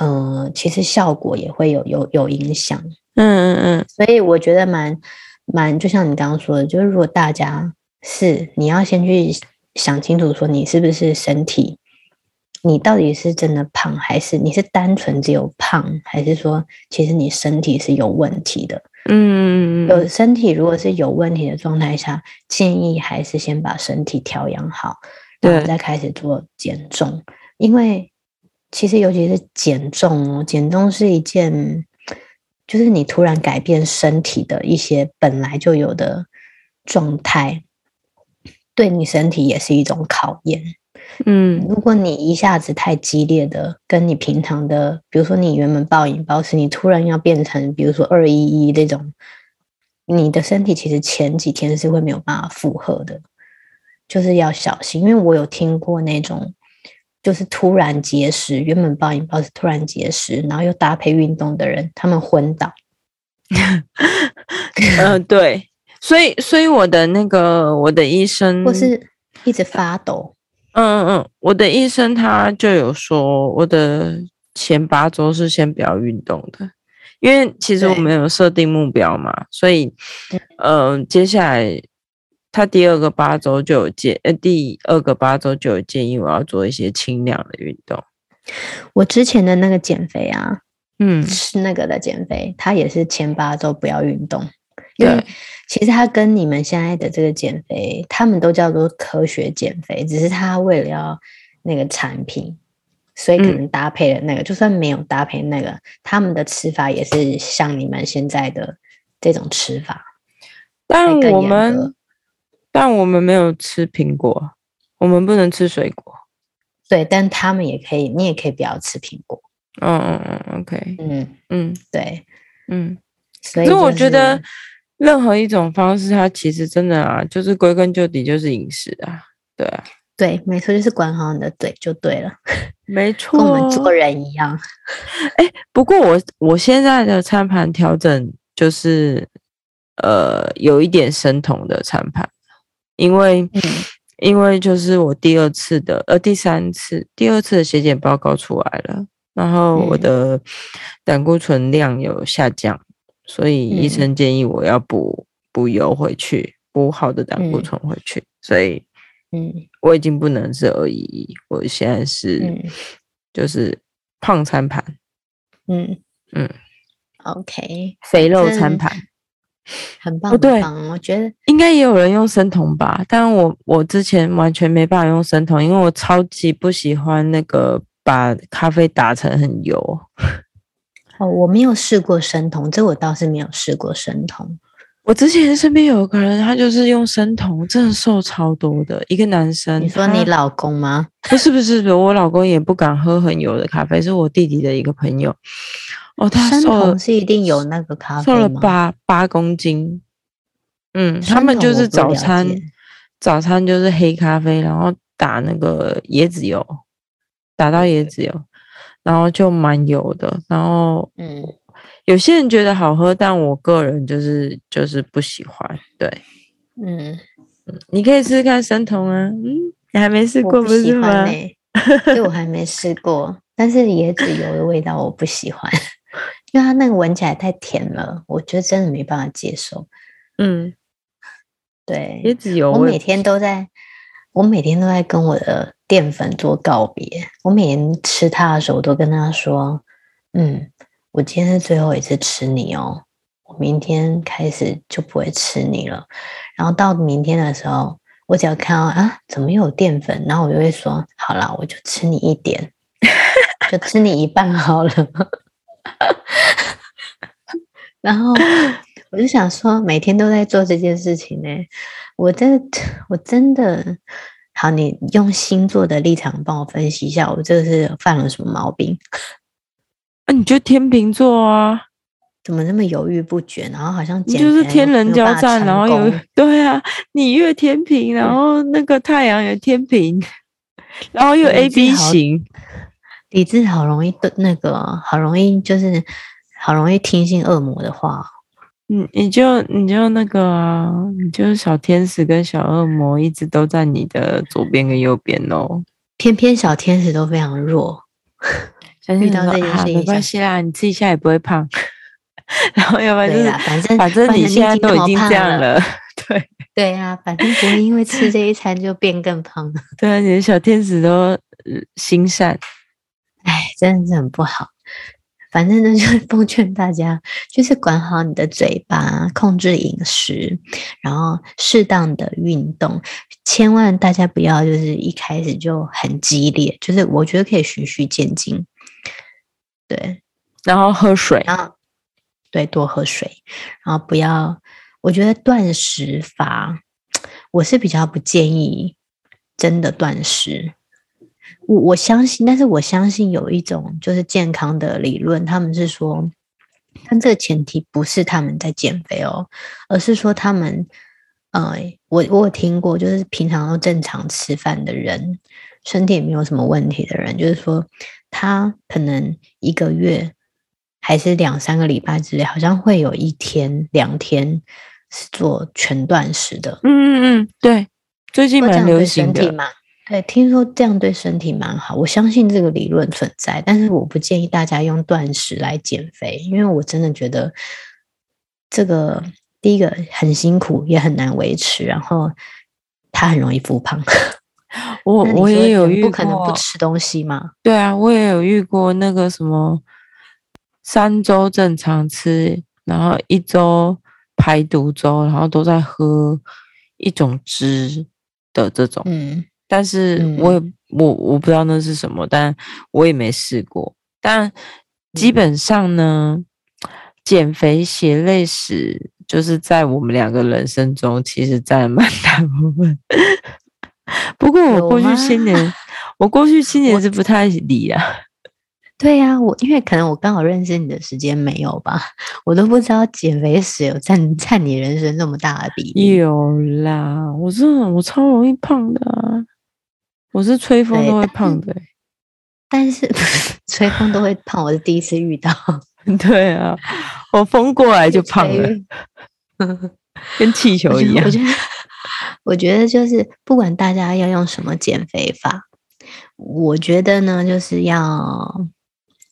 嗯、呃，其實效果也會有有有影響。嗯嗯嗯，所以我覺得蠻蠻，就像你剛剛說的，就是如果大家是你要先去想清楚，說你是不是身體，你到底是真的胖，還是你是單純只有胖，還是說其實你身體是有問題的？嗯，嗯，嗯，有身體如果是有問題的狀態下，建議還是先把身體調養好，然後再開始做減重，對因為。其實，尤其是減重哦，減重是一件，就是你突然改變身體的一些本來就有的狀態，對你身體也是一種考驗。嗯，如果你一下子太激烈的，跟你平常的，比如說你原本暴飲暴食，你突然要變成比如說二一一這種，你的身體其實前幾天是會沒有辦法負荷的，就是要小心。因為我有聽過那種。就是突然節食，原本暴飲暴食突然節食，然後又搭配運動的人，他們昏倒。嗯 呃，對，所以所以我的那個我的醫生，或是一直發抖。嗯嗯嗯，我的醫生他就有說，我的前八周是先不要運動的，因為其實我沒有設定目標嘛，對所以嗯、呃，接下來。他第二個八周就有建，呃，第二個八周就有建議我要做一些輕量的運動。我之前的那個減肥啊，嗯，吃那個的減肥，他也是前八周不要運動，對因為其實他跟你們現在的這個減肥，他們都叫做科學減肥，只是他為了要那個產品，所以可能搭配了那個，嗯、就算沒有搭配那個，他們的吃法也是像你們現在的這種吃法，但我們但我們沒有吃蘋果，我們不能吃水果。對，但他們也可以，你也可以不要吃蘋果。嗯嗯嗯，OK，嗯嗯，嗯對，嗯。因為、就是、我覺得任何一種方式，它其實真的啊，就是歸根究底就是飲食啊。對啊，對，沒錯，就是管好你的嘴就對了。 沒錯，跟我們做人一樣。哎、欸，不過我我現在的餐盤調整就是，呃，有一點生酮的餐盤。因為，嗯、因為就是我第二次的，呃，第三次，第二次的血檢報告出來了，然後我的膽固醇量有下降，嗯、所以醫生建議我要補補油回去，補好的膽固醇回去。嗯、所以，嗯，我已經不能是而已，我現在是、嗯、就是胖餐盤，嗯嗯，OK，肥肉餐盤。嗯很棒，棒，不對，我覺得應該也有人用生酮吧，但我我之前完全沒辦法用生酮，因為我超級不喜歡那個把咖啡打成很油。哦，我沒有試過生酮，這我倒是沒有試過生酮。我之前身邊有一個人，他就是用生酮，真的瘦超多的一個男生。你說你老公嗎？不是，不是不是，我老公也不敢喝很油的咖啡，是我弟弟的一個朋友。哦，生酮是一定有那個咖啡？瘦了八八公斤，嗯，不不他們就是早餐，早餐就是黑咖啡，然後打那個椰子油，打到椰子油，然後就蠻油的，然後嗯，有些人覺得好喝，但我個人就是就是不喜歡，對，嗯，你可以試試看生酮啊，嗯，你還沒試過，不喜歡呢、欸，對， 我還沒試過，但是椰子油的味道我不喜歡。因為它那個聞起來太甜了，我覺得真的沒辦法接受。嗯，對，椰子油，我每天都在，吃我每天都在跟我的澱粉做告別。我每天吃它的時候，我都跟它說：“嗯，我今天是最後一次吃你哦，我明天開始就不會吃你了。”然後到明天的時候，我只要看到啊，怎麼有澱粉，然後我就會說：“好啦，我就吃你一點， 就吃你一半好了。” 然後我就想說，每天都在做這件事情呢、欸，我真的，我真的，好，你用星座的立場幫我分析一下，我這是犯了什麼毛病？啊，你就天秤座啊，怎麼那麼猶豫不決？然後好像就是天人交戰，然後有對啊，你月天秤，然後那個太陽也天秤，嗯、然後又 A B 型理，理智好容易的那個，好容易就是。好容易聽信惡魔的話、哦，你，你你就你就那個、啊，你就是小天使跟小惡魔一直都在你的左邊跟右邊哦。偏偏小天使都非常弱， 遇到這件事情、啊、沒關係啦， 你自己現在也不會胖。 然後要不然就是反正反正你現在都已經這樣了，對對啊，反正不會因為吃這一餐就變更胖了。 對、啊，你的小天使都心善，哎，真的是很不好。反正呢，就奉勸大家，就是管好你的嘴巴，控制飲食，然後適當的運動。千萬大家不要就是一開始就很激烈，就是我覺得可以循序漸進。對，然後喝水啊，對，多喝水，然後不要，我覺得斷食法，我是比較不建議真的斷食。我我相信，但是我相信有一種就是健康的理論，他們是說，但這個前提不是他們在減肥哦，而是說他們，呃，我我有聽過，就是平常都正常吃飯的人，身體也沒有什麼問題的人，就是說他可能一個月還是兩三個禮拜之內，好像會有一天兩天是做全斷食的。嗯嗯嗯，對，最近蠻流行的。對，聽說這樣對身體蠻好，我相信這個理論存在，但是我不建議大家用斷食來減肥，因為我真的覺得這個第一個很辛苦，也很難維持，然後它很容易復胖。我 說我也有遇過，不可能不吃東西嘛。對啊，我也有遇過那個什麼三周正常吃，然後一周排毒周，然後都在喝一種汁的這種，嗯。但是我也、嗯、我我不知道那是什麼，但我也沒試過。但基本上呢，減、嗯、肥血淚史就是在我們兩個人生中，其實占蠻大部分。不過我過去七年，嗎我過去七年是不太理啊。對呀、啊，我因為可能我剛好認識你的時間沒有吧，我都不知道減肥史有占占你人生那麼大的比例。有啦，我真的我超容易胖的、啊我是吹風都會胖的。欸，對，但，但是吹風都會胖，我是第一次遇到。 對啊，我風過來就胖了， 跟氣球一樣我。我覺得，我覺得就是不管大家要用什麼減肥法，我覺得呢，就是要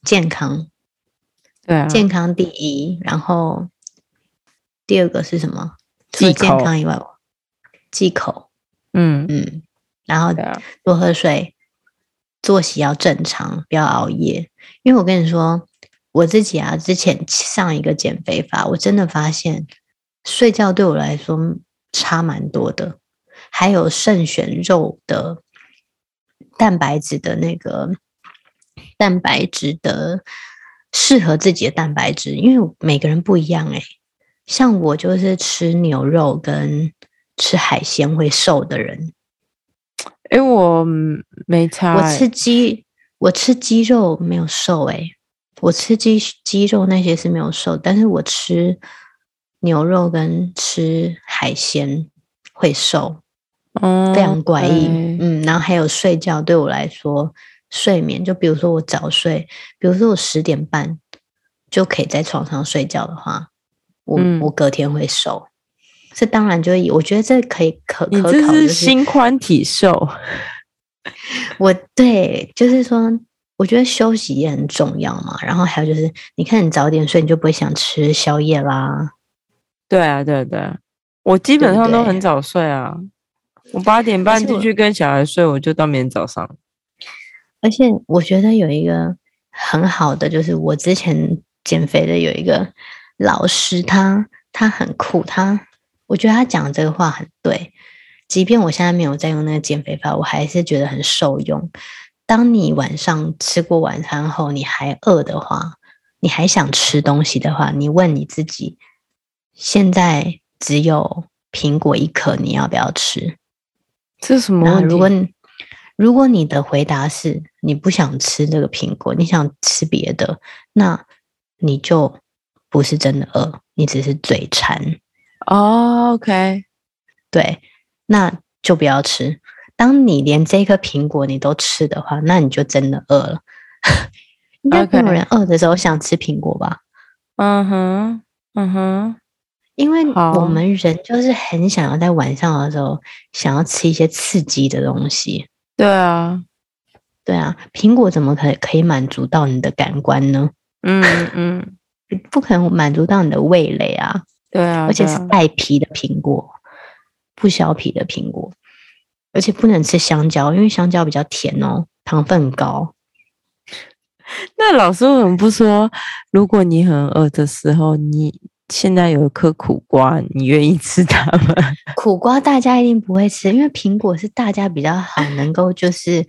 健康，對、啊，健康第一。然後第二個是什麼？除了口健康以外，忌口。嗯嗯。嗯然後多喝水，作息要正常，不要熬夜。因為我跟你說，我自己啊，之前上一個減肥法，我真的發現睡覺對我來說差蠻多的。還有慎選肉的蛋白質的那個蛋白質的適合自己的蛋白質，因為每個人不一樣誒、欸，像我就是吃牛肉跟吃海鮮會瘦的人。因為我沒差，欸。我吃雞，我吃雞肉沒有瘦誒、欸，我吃雞雞肉那些是沒有瘦，但是我吃牛肉跟吃海鮮會瘦，哦，非常怪異。嗯，嗯，然後還有睡覺對我來說，睡眠，就比如說我早睡，比如說我十點半就可以在床上睡覺的話，我，嗯，我隔天會瘦。這當然就以，我覺得這可以可可討論，你這是心寬體瘦，我對，就是說，我覺得休息也很重要嘛。然後還有就是，你看你早點睡，你就不會想吃宵夜啦。 對，對啊，對對，我基本上都很早睡啊。不我八點半進去跟小孩睡，我就到明天早上。而且我覺得有一個很好的，就是我之前減肥的有一個老師，他他很酷，他我覺得他講這個話很對，即便我現在沒有在用那個減肥法，我還是覺得很受用。當你晚上吃過晚餐後，你還餓的話，你還想吃東西的話，你問你自己：現在只有蘋果一顆，你要不要吃？這是什麼？如果如果你的回答是你不想吃這個蘋果，你想吃別的，那你就不是真的餓，你只是嘴饞。哦、oh，OK，對，那就不要吃。當你連這個蘋果你都吃的話，那你就真的餓了。應該 沒有人餓的時候想吃蘋果吧？嗯哼、okay. uh，嗯、huh. 哼、uh，huh. 因為好我們人就是很想要在晚上的時候想要吃一些刺激的東西。對啊，對啊，蘋果怎麼可以可以滿足到你的感官呢？嗯嗯，不可能滿足到你的味蕾啊。對啊，對啊，而且是帶皮的蘋果，不削皮的蘋果，而且不能吃香蕉，因為香蕉比較甜哦，糖分很高。那老師為什麼不說，如果你很餓的時候，你現在有一顆苦瓜，你願意吃它嗎？苦瓜大家一定不會吃，因為蘋果是大家比較好能夠就是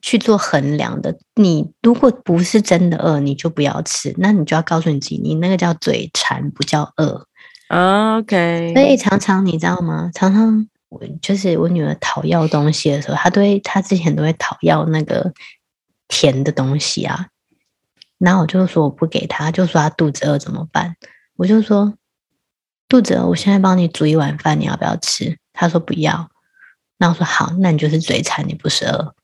去做衡量的。你如果不是真的餓，你就不要吃，那你就要告訴你自己，你那個叫嘴饞，不叫餓。Oh, OK，所以常常你知道嗎？常常我就是我女兒討要東西的時候，她都會，她之前都會討要那個甜的東西啊。然後我就說我不給她，就說她肚子餓怎麼辦？我就說肚子餓，我現在幫你煮一碗飯，你要不要吃？她說不要。那我說好，那你就是嘴饞，你不是餓。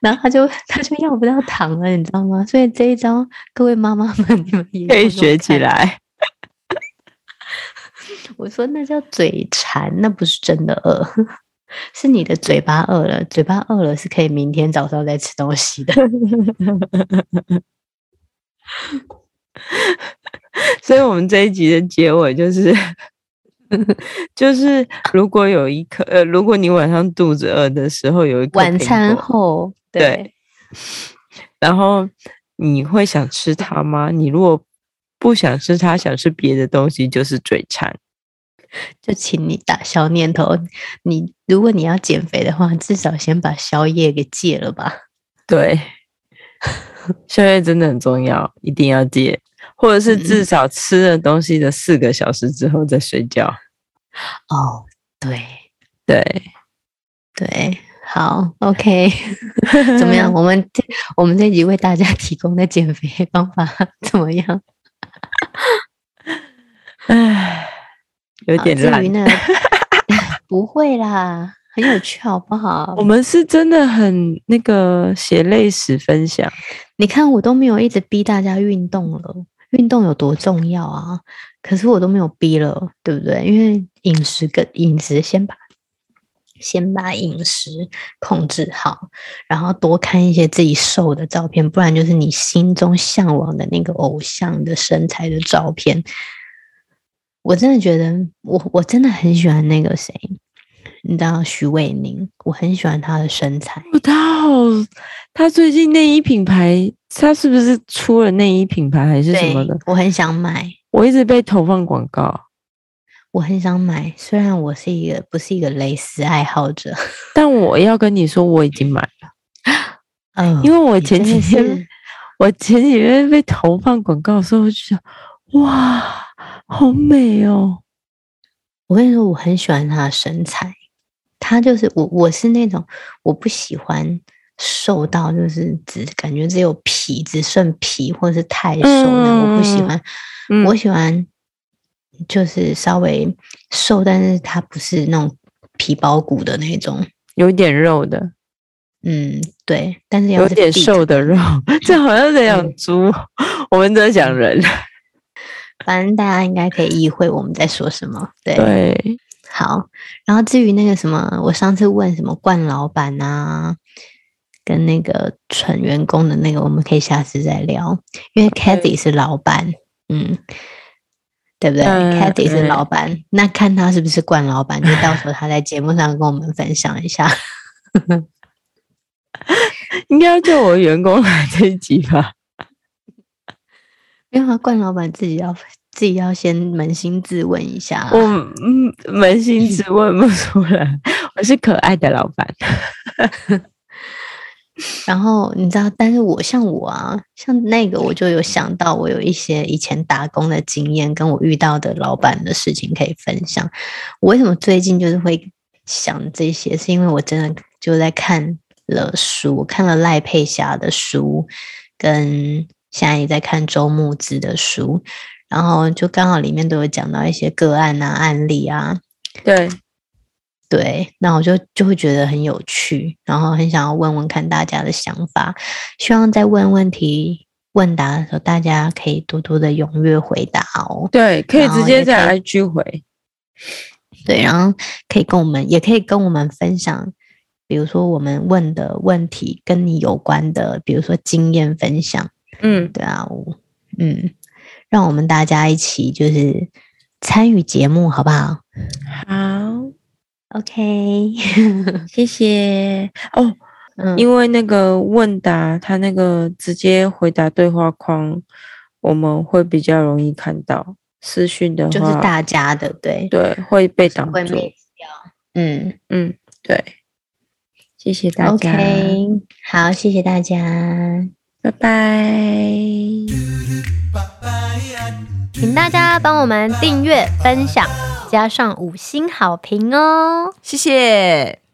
然後他就他就要不到糖了，你知道嗎？所以這一招，各位媽媽們，你們也可以學起來。我說那叫嘴饞，那不是真的餓，是你的嘴巴餓了。嘴巴餓了是可以明天早上再吃東西的。所以，我們這一集的結尾就是，就是如果有一顆，呃，如果你晚上肚子餓的時候有一個晚餐後。對，然後你會想吃它嗎？你如果不想吃它，想吃別的東西，就是嘴饞，就請你打消念頭。你如果你要減肥的話，至少先把宵夜給戒了吧。對， 宵夜真的很重要，一定要戒，或者是至少吃了東西的四個小時之後再睡覺。嗯、哦，對，對，對。好，OK， 怎麼樣？我們我們這集為大家提供的減肥方法怎麼樣？有點亂。 不會啦，很有趣，好不好？我們是真的很那個血淚史分享。你看，我都沒有一直逼大家運動了，運動有多重要啊？可是我都沒有逼了，對不對？因為飲食跟飲食先把。先把飲食控制好，然後多看一些自己瘦的照片，不然就是你心中嚮往的那個偶像的身材的照片。我真的覺得，我我真的很喜歡那個誰，你知道許瑋甯，我很喜歡他的身材。不知道他最近內衣品牌，他是不是出了內衣品牌還是什麼的？我很想買，我一直被投放廣告。我很想買，雖然我是一個不是一個蕾絲愛好者，但我要跟你說，我已經買了。嗯，因為我前幾天，我前幾天被投放廣告的時候，我就想，哇，好美哦！嗯，我跟你說，我很喜歡她的身材，她就是我，我是那種我不喜歡瘦到就是只感覺只有皮，只剩皮，或者是太瘦的，嗯，我不喜歡，嗯，我喜歡。就是稍微瘦，但是它不是那種皮包骨的那種，有點肉的。嗯，對，但是有，有點瘦的肉， 這好像在養豬，對我們在講人。反正大家應該可以意會我們在說什麼。對，對，好。然後至於那個什麼，我上次問什麼冠老闆啊，跟那個蠢員工的那個，我們可以下次再聊。因為 Cathy 是老闆，對嗯。對不對、嗯、Cathy 是老闆，嗯、那看他是不是慣老闆？就，嗯、到時候他在節目上跟我們分享一下。 應該叫我員工來這一集吧？沒有啊，慣老闆自己要自己要先捫心自問一下、啊。我嗯，捫心自問不出來，嗯、我是可愛的老闆。 然後你知道，但是我像我啊，像那個我就有想到，我有一些以前打工的經驗，跟我遇到的老闆的事情可以分享。我為什麼最近就是會想這些，是因為我真的就在看了書，看了賴佩霞的書，跟現在也在看周慕姿的書，然後就剛好裡面都有講到一些個案啊、案例啊，對。對，那我就就會覺得很有趣，然後很想要問問看大家的想法。希望在問問題問答的時候，大家可以多多的踴躍回答哦。對，可以，可以直接在 IG 回。對，然後可以跟我們，也可以跟我們分享，比如說我們問的問題跟你有關的，比如說經驗分享。嗯，對啊，嗯，讓我們大家一起就是參與節目，好不好？好。OK， 謝謝哦。嗯、因為那個問答，他那個直接回答對話框，我們會比較容易看到。私訊的話，就是大家的，對對，會被擋住，嗯嗯，嗯對，謝謝大家。OK，好，謝謝大家，拜拜。請大家幫我們訂閱、分享，加上五星好評哦！謝謝。